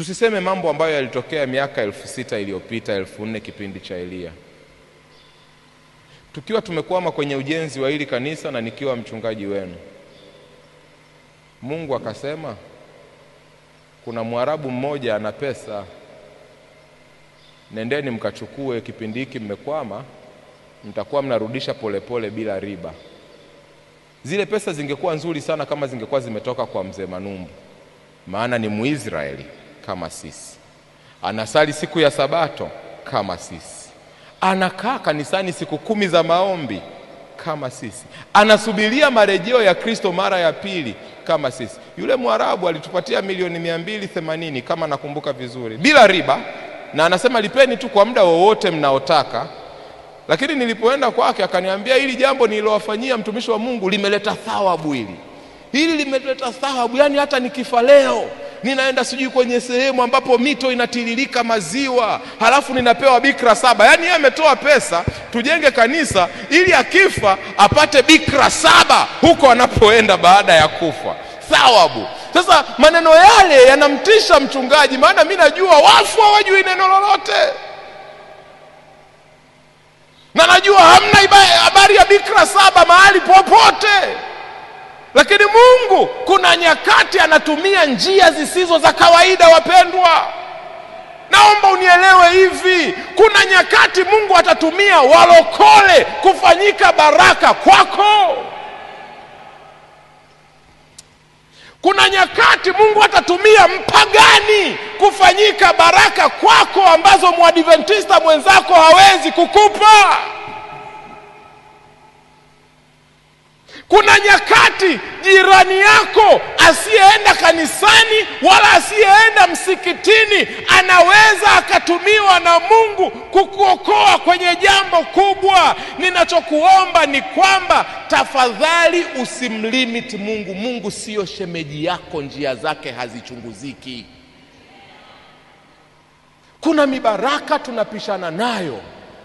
Tusiseme mambo ambayo yalitokea miaka elfu sita iliyopita elfu nne kipindi cha Eliya, tukiwa tumekwama kwenye ujenzi wa hili kanisa na nikiwa mchungaji wenu. Mungu akasema kuna Mwarabu mmoja ana pesa, nendeni mkachukue, kipindi hiki mmekwama, mtakuwa mnarudisha polepole bila riba. Zile pesa zingekuwa nzuri sana kama zingekuwa zimetoka kwa mzee Manumbu, maana ni Muisraeli kama sisi, anasali siku ya Sabato kama sisi, anakaa kanisani siku kumi za maombi kama sisi, anasubiria marejeo ya Kristo mara ya pili kama sisi. Yule Mwarabu alitupatia milioni mia mbili themanini kama nakumbuka vizuri, bila riba, na anasema lipeni tu kwa muda wowote mnaotaka. Lakini nilipoenda kwake akaniambia, hili jambo nililowafanyia mtumishi wa Mungu limeleta thawabu, hili hili limeleta thawabu, yani hata nikifa leo ninaenda sijui kwenye sehemu ambapo mito inatiririka maziwa, halafu ninapewa bikra saba. Yaani yeye ametoa pesa tujenge kanisa ili akifa apate bikra saba huko anapoenda baada ya kufa, thawabu. Sasa maneno yale yanamtisha mchungaji, maana mimi najua wafu hawajui neno lolote na najua hamna habari ya bikra saba mahali popote. Mungu kuna nyakati anatumia njia zisizo za kawaida. Wapendwa, naomba unielewe hivi, kuna nyakati Mungu atatumia walokole kufanyika baraka kwako. Kuna nyakati Mungu atatumia mpagani kufanyika baraka kwako, ambazo mwadventista mwenzako hawezi kukupa. jirani yako asiyeenda kanisani wala asiyeenda msikitini anaweza akatumiwa na Mungu kukuokoa kwenye jambo kubwa. Ninachokuomba ni kwamba tafadhali usimlimit Mungu. Mungu siyo shemeji yako, njia zake hazichunguziki. Kuna mibaraka tunapishana nayo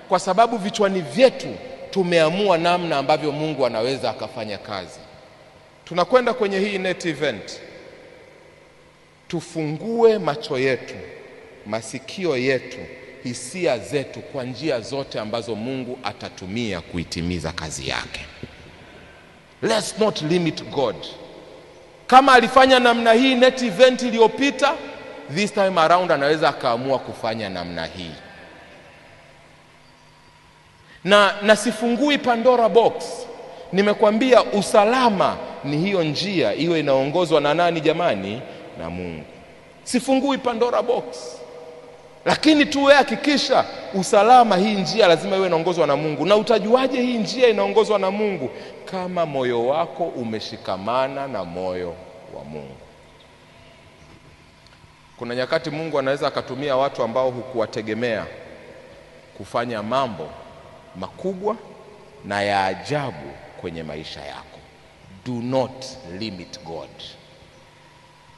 kwa sababu vichwani vyetu tumeamua namna ambavyo Mungu anaweza akafanya kazi. Tunakwenda kwenye hii NET event, tufungue macho yetu, masikio yetu, hisia zetu kwa njia zote ambazo Mungu atatumia kuitimiza kazi yake. Let's not limit God. Kama alifanya namna hii NET event iliyopita, this time around anaweza akaamua kufanya namna hii na, na sifungui Pandora box. Nimekwambia usalama ni hiyo njia iwe inaongozwa na nani jamani? Na Mungu. Sifungui Pandora box, lakini tuwe hakikisha usalama. Hii njia lazima iwe inaongozwa na Mungu. Na utajuaje hii njia inaongozwa na Mungu? Kama moyo wako umeshikamana na moyo wa Mungu. Kuna nyakati Mungu anaweza akatumia watu ambao hukuwategemea kufanya mambo makubwa na ya ajabu kwenye maisha yako. do not limit God.